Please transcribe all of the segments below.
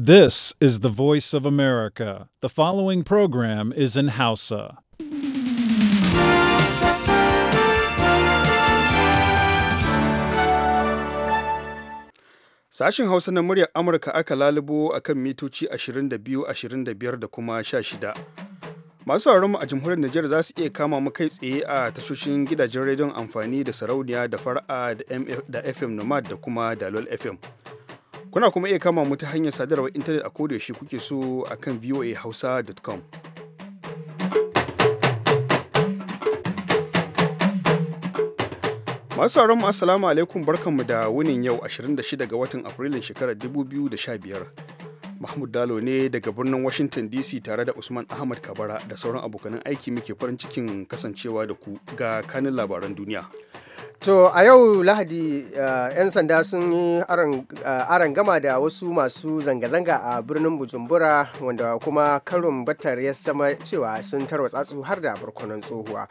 This is the voice of America. The following program is in Hausa. sashin Hausa na muryar Amurka aka lalubo a kan mitoci 22, 25 da kuma 16. Masu mu a jamhuriyar Nijar za su iya kama mu kai tsaye a tashoshin gidajen rediyon amfani da sarauniya da fara'a da FM Nomad da kuma Dalol FM. Kuna kuma iya kama mu ta hanyar sadarwar intanet a kodayaushe kuke so a kan voahausa.com. Masu sauran assalamu alaikum barkanmu da wunin yau 26 ga watan Afrilun shekarar 2015. Mahmud Dalo ne daga birnin Washington DC tare da Usman Ahmad Kabara da sauran abokanan aiki muke farin cikin kasancewa da ku ga kanin labaran duniya. To a yau Lahadi eh, 'yan sanda sun yi eh, aron gama da wasu masu zanga-zanga a birnin Bujumbura wanda kuma karin batar ya sama cewa sun tarwa tsatsu har da barkonan tsohuwa.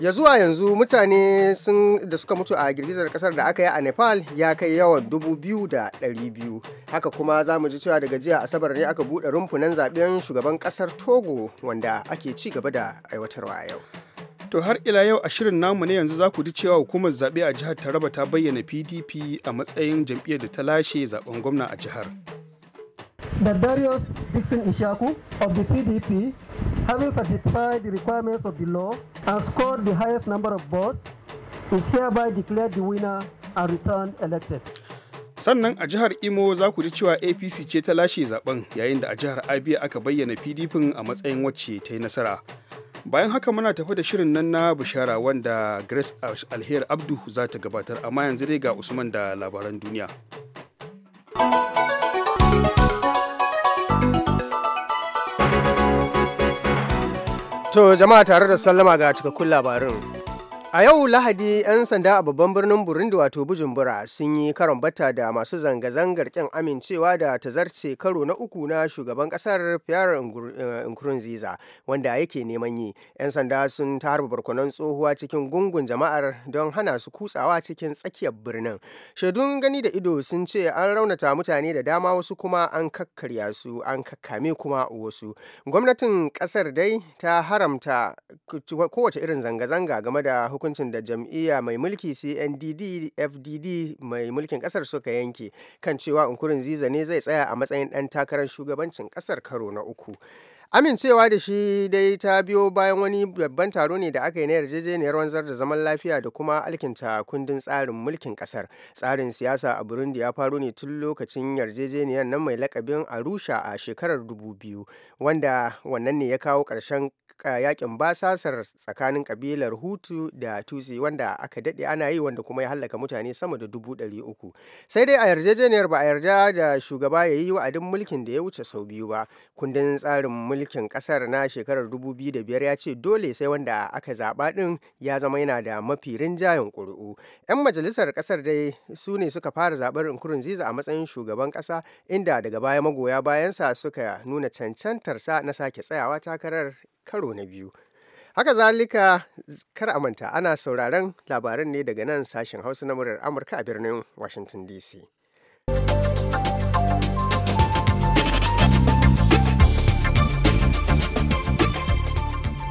ya zuwa yanzu mutane sun da suka mutu a girgizar kasar da aka yi a nepal ya kai yawan dubu biyu da ɗari biyu haka kuma za mu ji cewa daga jiya asabar ne aka buɗe rumfunan zaben shugaban kasar togo wanda ake ci gaba da aiwatarwa yau To har ila yau a shirin namu ne yanzu za ku ji cewa hukumar zaɓe a jihar ta raba ta bayyana PDP a matsayin jam'iyyar da ta lashe zaben gwamna a jihar. The Darius Dixon Ishaku of the PDP, having satisfied the requirements of the law and scored the highest number of votes, is hereby declared the winner and returned elected. sannan a jihar imo za ku ji cewa apc ce ta lashe zaben yayin da a jihar abia aka bayyana pdp a matsayin wacce ta yi nasara bayan haka muna tafi da shirin nan na bishara wanda grace alheri abdu za ta gabatar amma yanzu dai ga usman da labaran duniya to jama'a tare da sallama ga cikakkun labarin A yau Lahadi 'yan sanda a babban birnin Burundi wato Bujumbura sun yi karon bata da masu zanga-zangar kyan amincewa da ta tazarce karo na uku na shugaban kasar Pierre eh, Nkurunziza wanda yake neman yi. 'Yan sanda sun harba barkonon tsohuwa cikin gungun jama'ar don hana su kutsawa cikin tsakiyar birnin. Shaidun gani da ido sun ce an raunata mutane da dama wasu kuma an kakkarya su an kakkame kuma wasu. Gwamnatin kasar dai ta haramta kowace irin zanga-zanga game da hukuncin da jam'iyya mai mulki cndd fdd mai mulkin kasar suka yanke kan cewa nkurunziza ne zai tsaya a matsayin ɗan takarar shugabancin kasar karo na uku amincewa da shi dai ta biyo bayan wani babban taro ne da aka yi na yarjejeniyar wanzar da zaman lafiya da kuma alkinta kundin tsarin mulkin kasar tsarin siyasa a burundi ya faro ne tun lokacin yarjejeniyar nan mai lakabin arusha a shekarar 2000 wanda wannan ne ya kawo ƙarshen yakin basasar tsakanin kabilar hutu da tutsi wanda aka daɗe ana yi wanda kuma ya hallaka mutane sama da dubu ɗari uku sai dai a yarjejeniyar ba a yarda da shugaba ya yi wa'adin mulkin da ya wuce sau biyu ba kundin tsarin mulkin ƙasar na shekarar dubu biyu da biyar ya ce dole sai wanda aka zaɓa ɗin ya zama yana da mafi rinjayen ƙuri'u 'yan majalisar ƙasar dai su ne suka fara zaɓar ziza a matsayin shugaban ƙasa inda daga baya magoya bayansa suka nuna cancantar sa na sake tsayawa takarar karo na biyu haka zalika kar a manta ana sauraron labaran ne daga nan sashen hausa na murar amurka a birnin washington dc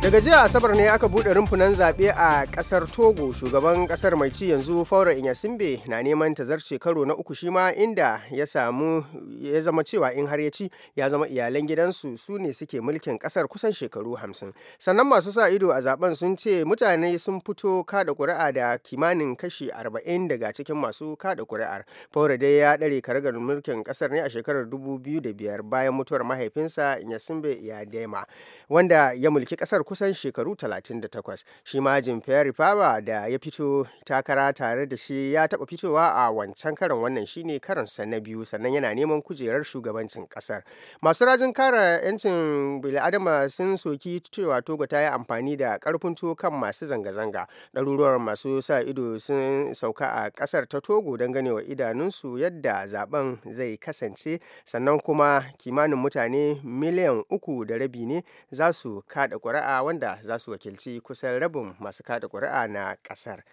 daga jiya asabar ne aka buɗe rumfunan zaɓe a ƙasar togo shugaban ƙasar mai ci yanzu faura inyasimbe na neman ta zarce karo na uku shi ma inda ya samu ya zama cewa in har ya ci ya zama iyalan gidansu su ne suke mulkin ƙasar kusan shekaru hamsin sannan masu sa ido a zaben sun ce mutane sun fito kada ƙuri'a da kimanin kashi arba'in daga cikin masu kada ƙuri'ar faura dai ya ɗare karagar mulkin ƙasar ne a shekarar dubu biyu da biyar bayan mutuwar mahaifinsa inyasimbe ya dema wanda ya mulki ƙasar kusan shekaru 38 shi ma jim Perry Faba da ya fito takara tare da shi ya taɓa fitowa a wancan karin wannan shine karonsa na biyu sannan yana neman kujerar shugabancin ƙasar masu rajin kara 'yancin bil'adama sun soki cewa togo ta yi amfani da karfin to kan masu zanga-zanga ɗaruruwar masu sa ido sun sauka a ƙasar ta togo don ganewa idanunsu yadda zaben zai kasance sannan kuma kimanin mutane miliyan uku da rabi ne za su kaɗa ƙuri'a wanda za su wakilci kusan rabin masu kada ƙuri'a na ƙasar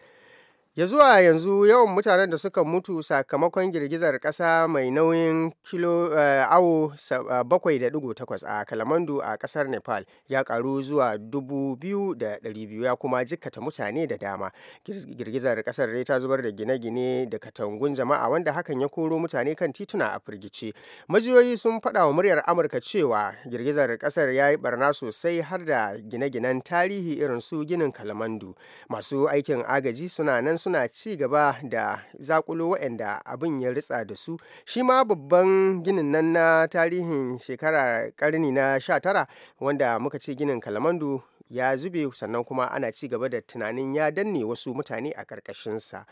ya zuwa yanzu yawan mutanen da suka mutu sakamakon girgizar ƙasa mai nauyin kilo uh, awo 7.8 eh, a kalamandu a ƙasar nepal ya karu zuwa 2,200 ya kuma jikkata mutane da dama girgizar ƙasar dai ta zubar da gine-gine da katangun jama'a wanda hakan ya koro mutane kan tituna a firgice majiyoyi sun faɗa wa muryar amurka cewa girgizar ƙasar ya yi barna sosai har da gine-ginen tarihi irin su ginin kalamandu masu aikin agaji suna nan suna ci gaba da zakulo waɗanda abin ya ritsa da su shi ma babban ginin nan na tarihin shekara karni na 19 wanda muka ce ginin kalamandu ya zube sannan kuma ana ci gaba da tunanin ya danne wasu mutane a ƙarƙashinsa.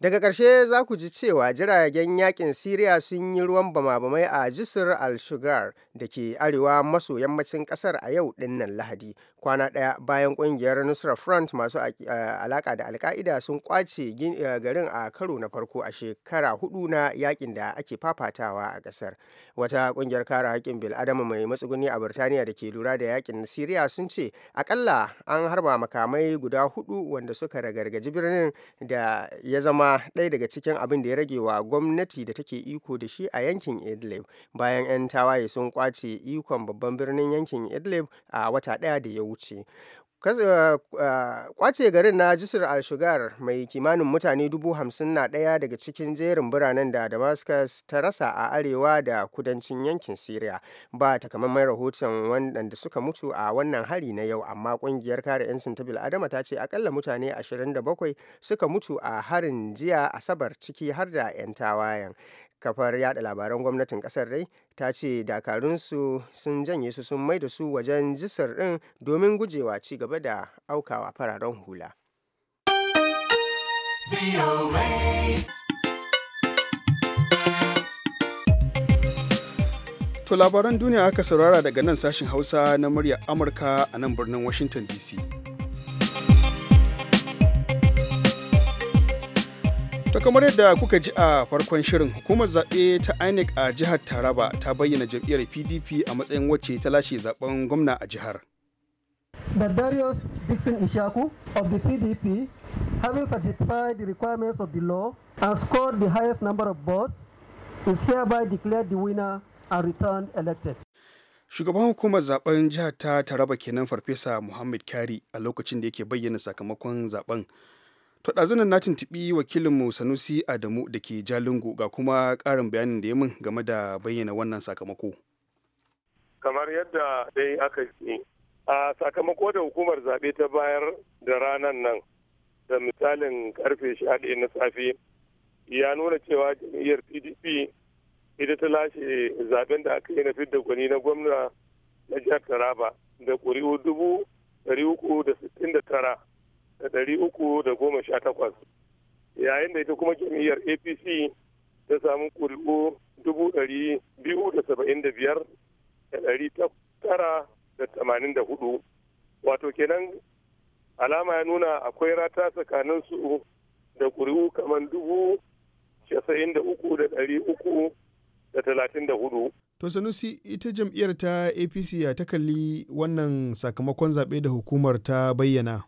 daga ƙarshe za ku ji cewa jiragen yakin siriya sun yi ruwan bama-bamai a jisir al-shugar da ke arewa maso yammacin ƙasar a yau dinnan lahadi kwana ɗaya bayan ƙungiyar nusra front masu eh, alaƙa da alka'ida sun ƙwace eh, garin a karo na farko a shekara hudu na yakin da ake fafatawa a ƙasar wata ƙungiyar kare haƙƙin bil'adama mai matsuguni a birtaniya da ke lura da yakin siriya sun ce akalla an harba makamai guda hudu wanda suka ragargaji birnin da ya zama ɗaya daga cikin abin da ya rage wa gwamnati da take iko da shi a yankin idlib bayan 'yan tawaye sun kwace ikon babban birnin yankin idlib a wata ɗaya da ya wuce Eh, eh, kwace garin na jisir al-shugar mai kimanin mutane dubu hamsin na ɗaya daga cikin jerin biranen da damascus ta rasa a arewa da kudancin yankin syria ba takamaiman rahoton wadanda suka mutu a wannan hari na yau amma ƙungiyar kare 'yancin ta bil'adama ta ce akalla mutane 27 suka mutu a harin jiya asabar ciki har da 'yan tawayen kafar yada labaran gwamnatin kasar dai ta ce dakarunsu sun janye su sun mai da su wajen jisar din domin gujewa ci gaba da aukawa fararen hula To labaran duniya aka saurara daga nan sashin Hausa na murya Amurka a nan birnin Washington DC. To kamar yadda kuka ji a farkon shirin hukumar zaɓe ta INEC a jihar Taraba ta bayyana jam'iyyar PDP a matsayin wacce ta lashe zaben gwamna a jihar. But Darius Dixon Ishaku of the PDP, having satisfied the requirements of the law and scored the highest number of votes, is hereby declared the winner and returned elected. Shugaban hukumar zaben jihar ta Taraba kenan Farfesa Muhammad Kari a lokacin da yake bayyana sakamakon zaben. To ɗazunan na tuntuɓi wakilinmu Sanusi Adamu da ke Jalingo ga kuma ƙarin bayanin da ya min game da bayyana wannan sakamako. Kamar yadda dai aka ce, a sakamako da hukumar zaɓe ta bayar da ranar nan da misalin karfe sha na safe ya nuna cewa jam'iyyar PDP ita ta lashe zaɓen da aka yi na fidda gwani na gwamna na jihar Taraba da ƙuri'u dubu ɗari da sittin da tara da yayin da ita kuma jam'iyyar apc ta samu ƙuri'u dubu wato kenan alama ya nuna akwai rata tsakanin su da ƙuri'u kamar dubu To Sanusi ita jam'iyyar ta APC ya ta kalli wannan sakamakon zaɓe da hukumar ta bayyana.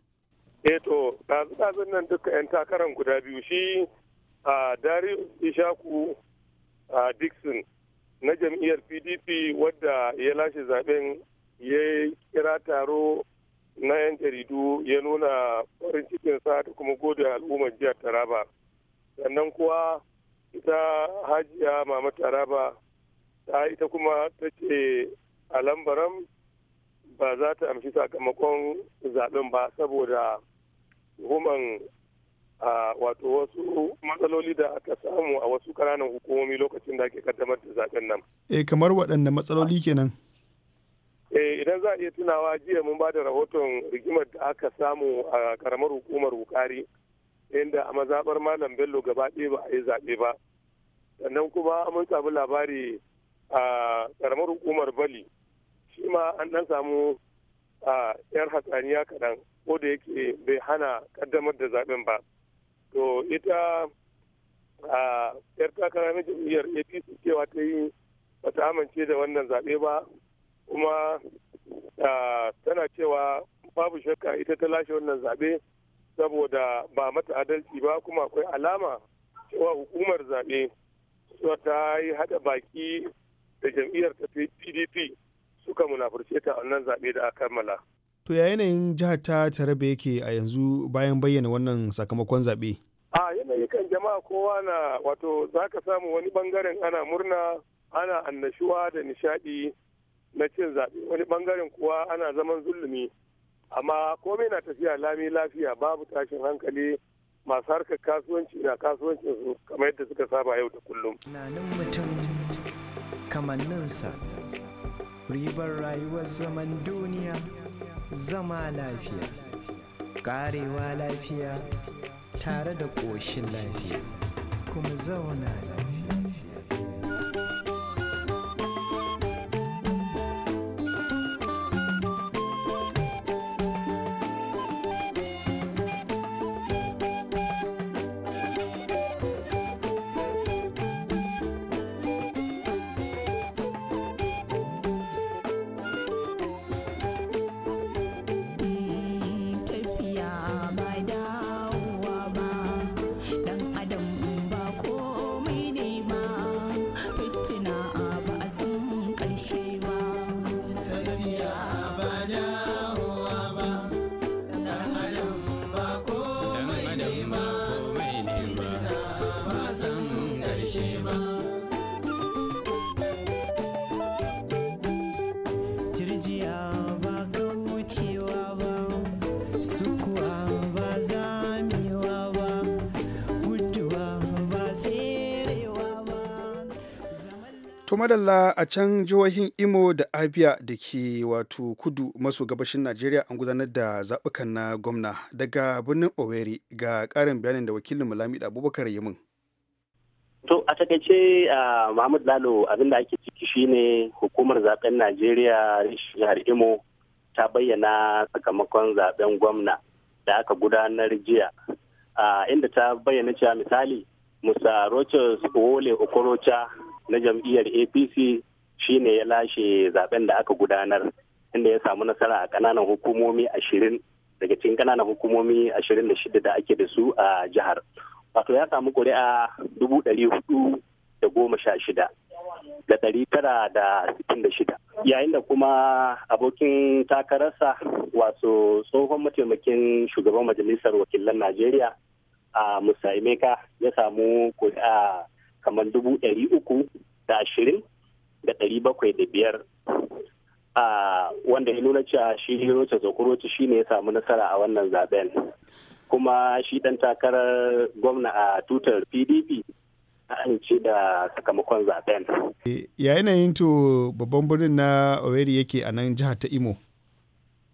eh to ɗazu nan duka 'yan takarar guda biyu shi a dari ishaku a dixon na jam'iyyar pdp wadda ya lashe zaben ya kira taro na 'yan jaridu ya nuna farin sa da kuma gode al'ummar jihar taraba sannan kuwa ita hajiya mama taraba ta ita kuma ta ce a lambaran ba za ta amshi sakamakon zaɓen ba saboda a wato wasu matsaloli da aka samu a wasu kananan hukumomi lokacin da ake kaddamar da zaɓen nan. E kamar waɗanne matsaloli kenan? Eh idan za a iya tunawa jiya mun ba da rahoton rigimar da aka samu a karamar hukumar wukari inda a mazaɓar malam bello gaba ɗaya ba a yi zaɓe ba. Sannan kuma mun samu labari a karamar hukumar bali shi ma an dan samu a yar hatsaniya kaɗan ko da yake bai hana kaddamar da zaɓen ba to ita a yar takara na jam'iyyar apc cewa ta yi bata amince da wannan zaɓe ba kuma tana cewa babu shakka ita ta lashe wannan zaɓe saboda ba mata adalci ba kuma akwai alama cewa hukumar zaɓe cewa ta yi haɗa baki da jam'iyyar ta pdp suka munafurce ta wannan zaɓe da a kammala. To ya yanayin jihar ta Taraba yake a yanzu bayan bayyana wannan sakamakon zaɓe? A yanayi kan jama'a kowa na wato za ka samu wani bangaren ana murna ana annashuwa da nishaɗi na cin zaɓe wani bangaren kuwa ana zaman zulumi amma komai na tafiya lami lafiya babu tashin hankali masu harkar kasuwanci na kasuwancin su kamar yadda suka saba yau da kullum. nan mutum sa. ribar rayuwar zaman duniya zama lafiya ƙarewa lafiya tare da ƙoshin lafiya kuma zauna lafiya madalla a can jihohin Imo da Abia da ke wato kudu maso gabashin Najeriya an gudanar da zaɓukan na gwamna daga birnin Owerri ga ƙarin bayanin da wakilin da Abubakar yi min. To a takaice Muhammad Lalo abin da ake ciki shine hukumar zaben Najeriya jihar Imo ta bayyana sakamakon zaben gwamna da aka gudanar jiya inda ta bayyana cewa misali Musa Rochas wole Okorocha na jam'iyyar apc shine ya lashe zaben da aka gudanar inda ya samu nasara a kananan hukumomi ashirin daga cikin kananan hukumomi ashirin da shida da ake da su a jihar wato ya samu kuri'a dubu ɗari hudu da goma sha shida da ɗari tara da sittin da shida yayin da kuma abokin takararsa wato tsohon mataimakin shugaban majalisar wakilan najeriya a musa ya samu kuri'a kamar dubu ɗari uku da ashirin da ɗari bakwai da biyar wanda ya nuna cewa shi roce zokuroci shi ne ya samu nasara a wannan zaben kuma shi ɗan takarar gwamna a tutar pdp ce da sakamakon zaben. Eh, ya to babban birnin na oweri yake a nan jihar ta Imo?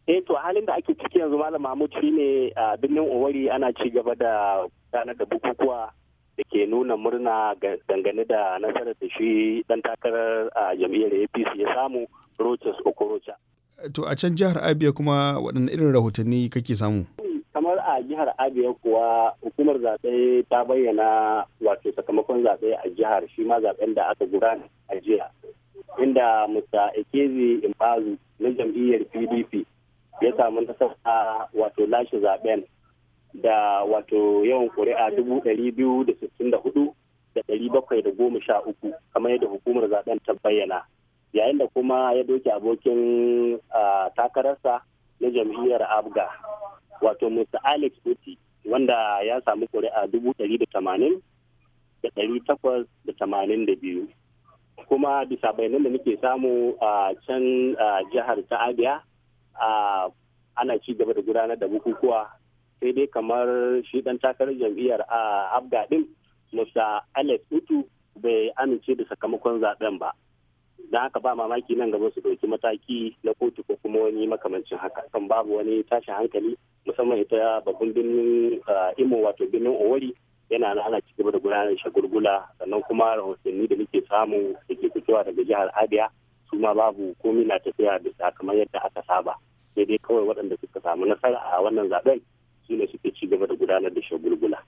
Eh to halin da ake ciki yanzu Malam Mahmud shi ne a birnin oweri ana ci gaba da ranar da bukukuwa da ke nuna murna dangane da nasarar da shi dan takarar a jam'iyyar apc ya samu rochas okorocha to a can jihar abia kuma waɗanne irin rahotanni kake samu kamar a jihar abia kuwa hukumar zaɓe ta bayyana wato sakamakon zaɓe a jihar shi ma zaɓen da aka gudana a jiya inda musa ekezi imbazu na jam'iyyar pdp ya samu nasarar wato lashe zaɓen da wato yawan kuri'a dubu ɗari biyu da sittin da hudu da ɗari bakwai da goma sha uku kamar yadda hukumar zaben ta bayyana yayin da kuma ya doke abokin takararsa na jam'iyyar abga wato mr alex oti wanda ya samu kuri'a dubu ɗari da tamanin da ɗari takwas da tamanin da biyu kuma bisa bayanan da muke samu a can jihar ta abia ana ci gaba da gudanar da bukukuwa sai dai kamar shi dan takarar jam'iyyar a abga din musa alex utu bai amince da sakamakon zaben ba don haka ba mamaki nan gaba su dauki mataki na kotu ko kuma wani makamancin haka kan babu wani tashin hankali musamman ita babban birnin imo wato birnin owari yana nan ana cigaba da gudanar shagulgula sannan kuma rahotanni da muke samu da ke fitowa daga jihar abia su ma babu komi na tafiya da kamar yadda aka saba sai dai kawai waɗanda suka samu nasara a wannan zaben su ne suke ci gaba da gudanar da shagulgula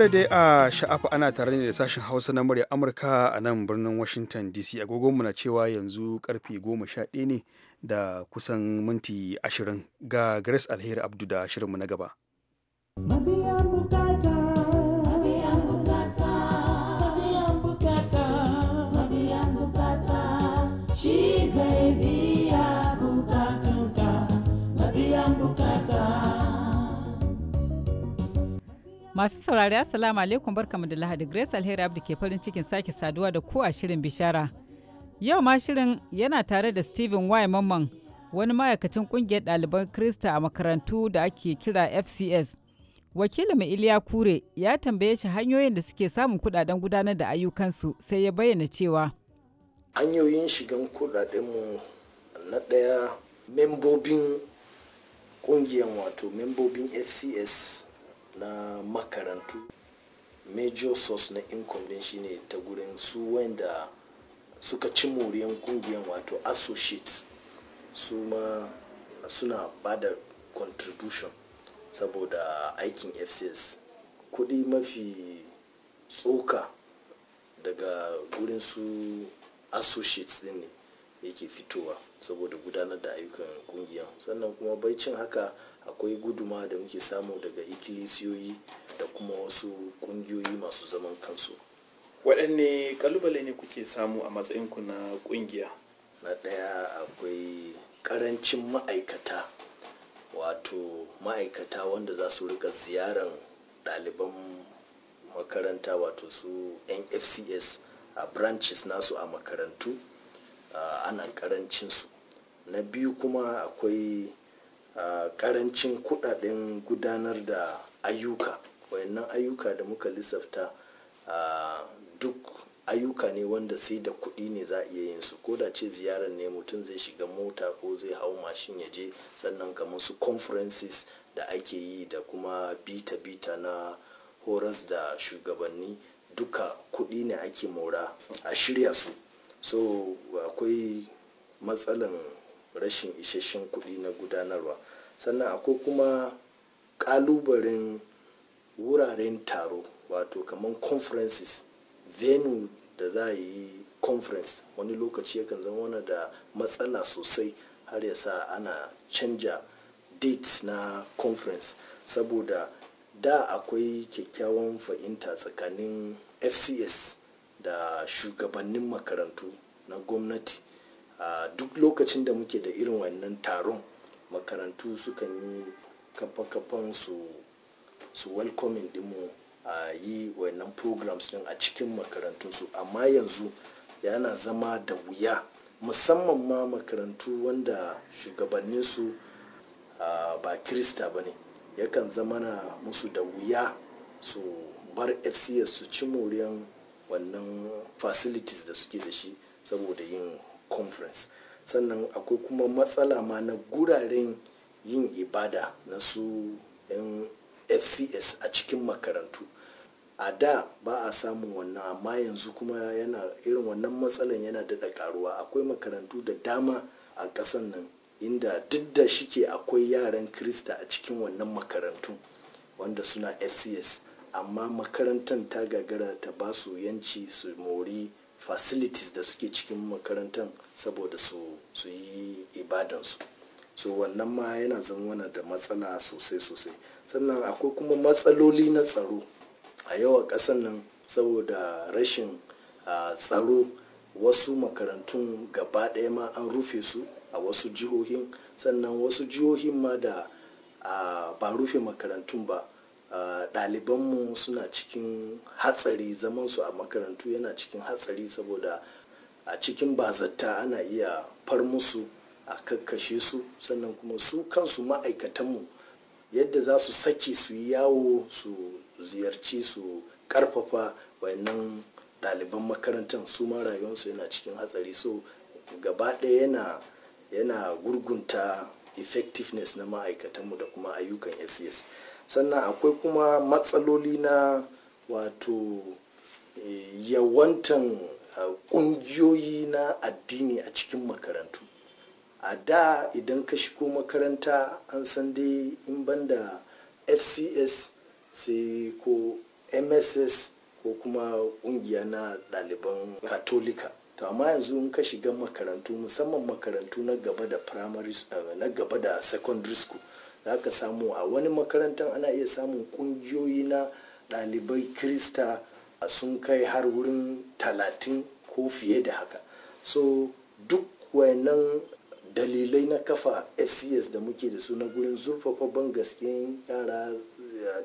da dai a sha'afa ana tare ne da sashen hausa na murya amurka a nan birnin washington dc agogonmu na cewa yanzu karfe goma sha ɗaya ne da kusan minti ashirin ga grace alheri abdu da shirinmu na gaba She's Masu saurari Assalamu alaikum barkamu da Lahadi Grace Alheri Abdi ke farin cikin sake saduwa da kowa shirin bishara. Yau ma shirin yana tare da Steven Y. Mamman wani ma'aikacin kungiyar ɗaliban Krista a makarantu da ake kira FCS. wakilin mai Iliya Kure ya tambaye shi hanyoyin da suke samun kudaden gudanar da ayyukansu sai ya bayyana cewa. Hanyoyin shigan kudadenmu na ɗaya membobin kungiyar wato membobin FCS na makarantu major source na income din shine ta gurin su wanda suka ci muriyan kungiyan wato associates su ma suna bada contribution saboda aikin fcs kudi mafi tsoka daga gurin su associates din ne yake fitowa saboda gudanar da ayyukan kungiyar sannan kuma baicin haka akwai guduma da muke samu daga ikilisiyoyi da kuma wasu kungiyoyi masu zaman kansu waɗanne kalubale ne kuke samu a matsayinku na kungiya na ɗaya akwai ƙarancin ma'aikata wato ma'aikata wanda za su rika ziyarar ɗaliban makaranta wato su nfcs a branches nasu a makarantu ana karancin su na biyu kuma akwai karancin kudaden gudanar da ayyuka wayannan ayyuka da muka lissafta duk ayyuka ne wanda sai da kuɗi ne za a iya yin su ko da ce ziyarar ne mutum zai shiga mota ko zai hau mashin ya je sannan kamar su conferences da ake yi da kuma bita-bita na horas da shugabanni duka kuɗi ne ake mora a shirya su so akwai matsalan rashin isasshen kuɗi na gudanarwa sannan akwai kuma ƙalubalen wuraren taro wato kamar conferences venue da za a yi conference wani lokaci yakan zama wani da matsala sosai har ya sa ana canja dates na conference saboda da akwai kyakkyawan fahimta tsakanin fcs da shugabannin makarantu na gwamnati a duk lokacin da muke da irin wannan taron makarantu sukan yi kafa-kafan su su welcoming dinmu a yi wannan programs din a cikin su amma yanzu yana zama da wuya musamman ma makarantu wanda shugabannin su ba kirista ba ne yakan zama na musu da wuya su bar fcs su ci moriyan wannan facilities da suke da shi saboda yin conference sannan akwai kuma matsala ma na guraren yin ibada na su 'yan fcs a cikin makarantu a da ba a samun wannan amma yanzu kuma yana irin wannan matsalan yana daɗa karuwa akwai makarantu da dama a ƙasan nan inda duk da shike akwai yaran krista a cikin wannan makarantu wanda suna fcs amma makarantar ta gagara ta ba su yanci su mori facilities da suke cikin makarantar saboda su yi ibadansu so wannan ma yana zama da matsala sosai sosai sannan akwai kuma matsaloli na tsaro a yawa kasan nan saboda rashin tsaro wasu makarantun gaba ɗaya ma an rufe su a wasu jihohin sannan wasu jihohin ma da ba rufe makarantun ba ɗalibanmu suna cikin hatsari zaman su a makarantu yana cikin hatsari saboda a cikin bazatta ana iya far musu a kakkashe su sannan kuma su kansu ma'aikatanmu yadda za su sake su yi yawo su ziyarci su karfafa wannan ɗaliban makarantar su ma rayuwarsu yana cikin hatsari so gaba ɗaya yana yana gurgunta effectiveness na ma'aikatanmu da kuma ayyukan fcs sannan akwai kuma matsaloli na wato eh, yawantan kungiyoyi eh, na addini a cikin makarantu a da idan ka shigo makaranta an san dai in banda fcs sai ko mss ko kuma kungiya na ɗaliban katolika to amma yanzu in ka shiga makarantu musamman makarantu na gaba da primary eh, na gaba da secondary school za ka samu a wani makarantar ana iya samun ƙungiyoyi na ɗalibai krista sun kai har wurin talatin ko fiye da haka so duk wayannan dalilai na kafa fcs da muke da su na gurin zurfafa ban gaske yara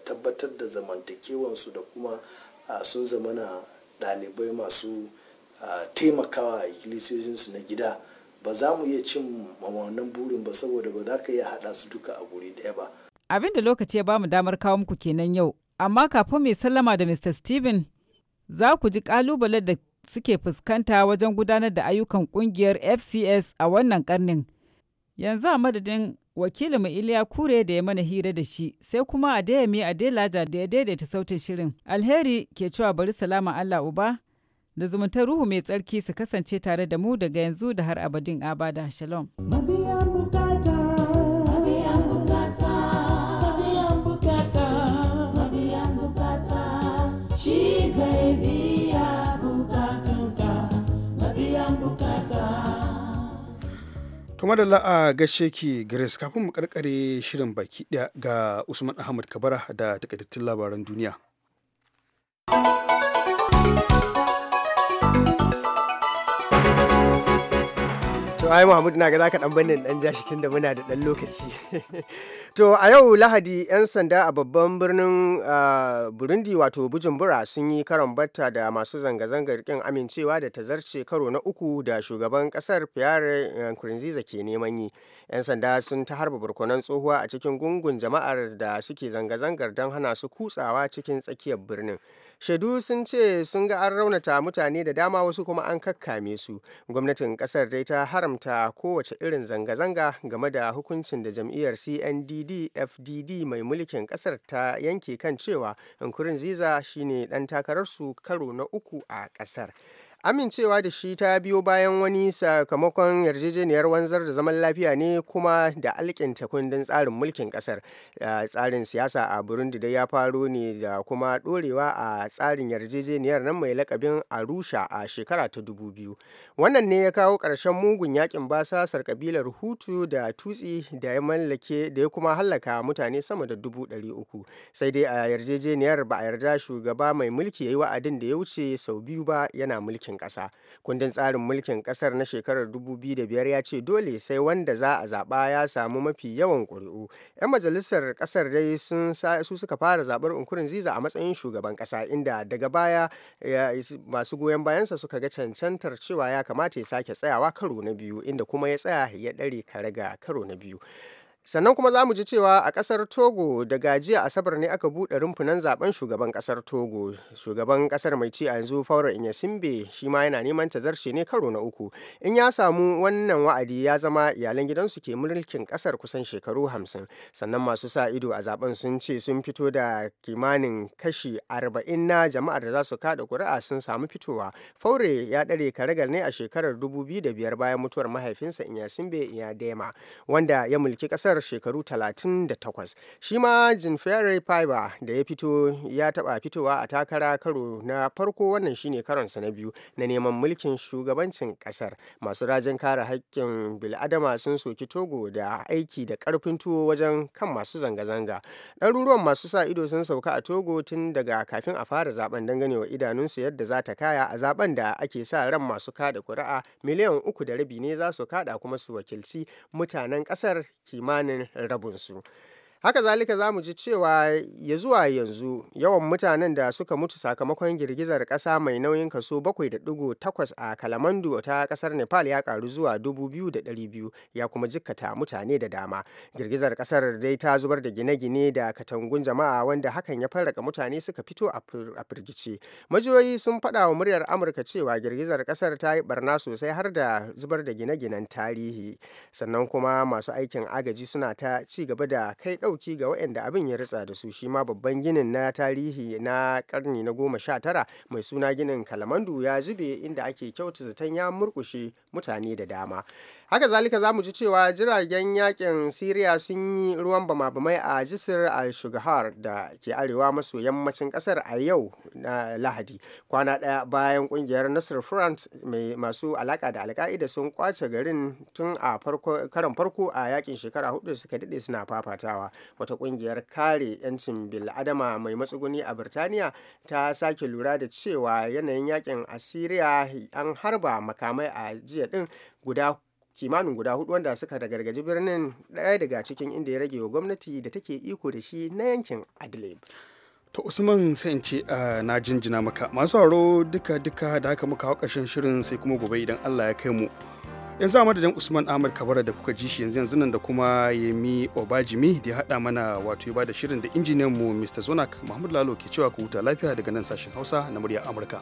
tabbatar da zamantakewansu da kuma sun zamana ɗalibai masu taimakawa a ikilisiyoyinsu na gida ba za mu iya cin wannan burin ba saboda ba za ka iya haɗa su duka a guri ɗaya ba. Abin da lokaci ya ba mu damar kawo muku kenan yau, amma kafin mai sallama da Mr. Steven za ku ji ƙalubalen da suke fuskanta wajen gudanar da ayyukan ƙungiyar FCS a wannan karnin. Yanzu a madadin wakilin mu Iliya Kure da ya mana hira da shi sai kuma a Adeyemi Adelaja da ya daidaita sautin shirin. Alheri ke cewa bari salama Allah uba da zumuntar ruhu mai tsarki su kasance tare da mu daga yanzu da har abadin abada shalom kuma da la'a gashe ki grace kafin mu karkare shirin baki daya ga usman ahmad kabara da takaitattun labaran duniya to ai Mahmud na ga zaka dan bannin dan jashi tunda muna da dan lokaci to a yau Lahadi yan sanda a babban birnin Burundi wato Bujumbura sun yi karon batta da masu zanga-zangar kin amincewa da tazarce karo na uku da shugaban kasar Pierre Nkurunziza ke neman yi yan sanda sun ta harba barkonan tsohuwa a cikin gungun jama'ar da suke zanga-zangar don hana su kutsawa cikin tsakiyar birnin shaidu sun ce sun ga an raunata mutane da dama wasu kuma an kakkame su gwamnatin kasar dai ta haramta haramta kowace irin zanga-zanga game da hukuncin da jam'iyyar cndd fdd mai mulkin kasar ta yanke kan cewa nkurunziza shine dan takararsu karo na uku a ƙasar. amincewa da shi ta biyo bayan wani sakamakon yarjejeniyar wanzar da zaman lafiya ne kuma da alkinta kundin tsarin mulkin kasar tsarin siyasa a burundi da ya faro ne da kuma dorewa a tsarin yarjejeniyar nan mai lakabin arusha a shekara ta dubu biyu wannan ne ya kawo ƙarshen mugun yakin basasar kabilar hutu da tutsi da ya mallake da ya kuma hallaka mutane sama da dubu ɗari uku sai dai a yarjejeniyar ba a yarda shugaba mai mulki ya yi wa'adin da ya wuce sau biyu ba yana mulkin mulkin ƙasa kundin tsarin mulkin kasar na shekarar 2005 ya ce dole sai wanda za a zaba ya samu mafi yawan ƙuri'u 'yan majalisar kasar dai sun su suka fara zabar unkurin ziza a matsayin shugaban kasa inda daga baya masu goyon bayansa suka ga cancantar cewa ya kamata ya sake tsayawa karo na biyu inda kuma ya tsaya ya ɗare kare ga karo na biyu sannan kuma za mu ji cewa a kasar togo da gajiya asabar ne aka buɗe rumfunan zaben shugaban kasar togo shugaban kasar mai ci a yanzu faura inyasimbe shi ma yana neman ta tazarce ne karo na uku in ya samu wannan wa'adi ya zama iyalan gidansu ke mulkin kasar kusan shekaru hamsin sannan masu sa ido a zaben sun ce sun fito da kimanin kashi arba'in na jama'ar da za su kada kuri'a sun samu fitowa faure ya ɗare karagar ne a shekarar dubu biyu da biyar bayan mutuwar mahaifinsa inyasimbe dema wanda ya mulki kasar shekarar shekaru 38 shi ma jinfere fiber da ya fito ya taba fitowa a takara karo na farko wannan shine karonsa na biyu na neman mulkin shugabancin kasar masu rajin kare haƙƙin bil'adama sun soki togo da aiki da ƙarfin tuwo wajen kan masu zanga-zanga ɗaruruwan masu sa ido sun sauka a togo tun daga kafin a fara zaben dangane wa idanunsu yadda za ta kaya a zaben da ake sa ran masu kada ƙuri'a miliyan uku da rabi ne za su kada kuma su wakilci mutanen ƙasar kimanin tsakanin rabinsu haka zalika za mu ji cewa ya zuwa yanzu yawan mutanen da suka mutu sakamakon girgizar ƙasa mai nauyin kaso 7.8 a kalamandu ta kasar nepal ya karu zuwa 2,200 ya kuma jikkata mutane da dama girgizar kasar dai ta zubar da gine-gine da katangun jama'a wanda hakan ya farraka mutane suka fito a firgice majiyoyi sun faɗa wa muryar amurka cewa girgizar kasar ta yi barna sosai har da zubar da gine-ginen tarihi sannan kuma masu aikin agaji suna ta ci gaba da kai ɗau ɗauki ga waɗanda abin ya ritsa da su shi ma babban ginin na tarihi na karni na goma sha tara mai suna ginin kalamandu ya zube inda ake kyauta zaton ya murkushe mutane da dama haka zalika za mu ji cewa jiragen yakin siriya sun yi ruwan bama-bamai a jisir a shugahar da ke arewa maso yammacin kasar a yau na lahadi kwana ɗaya bayan kungiyar nasir front mai masu alaka da alka'ida sun kwace garin tun a karon farko a yakin shekara hudu suka daɗe suna fafatawa wata kungiyar kare 'yancin bil'adama mai matsuguni a birtaniya ta sake lura da cewa yanayin yakin syria an harba makamai a jiya din guda kimanin guda hudu wanda suka gargaji birnin daya daga cikin inda ya rage wa gwamnati da take iko da shi na yankin adlib ta usman sai in ce ah, na jinjina maka masu sauro duka duka da haka muka hau shirin sai kuma gobe idan allah ya kai mu yanzu a madadin usman ahmad kabara da kuka ji shi yanzu yanzu nan da kuma yemi obajimi da ya haɗa mana wato ya bada shirin da injiniyan mu mr zonak mahmud lalo ke cewa ku huta lafiya daga nan sashen hausa na murya amurka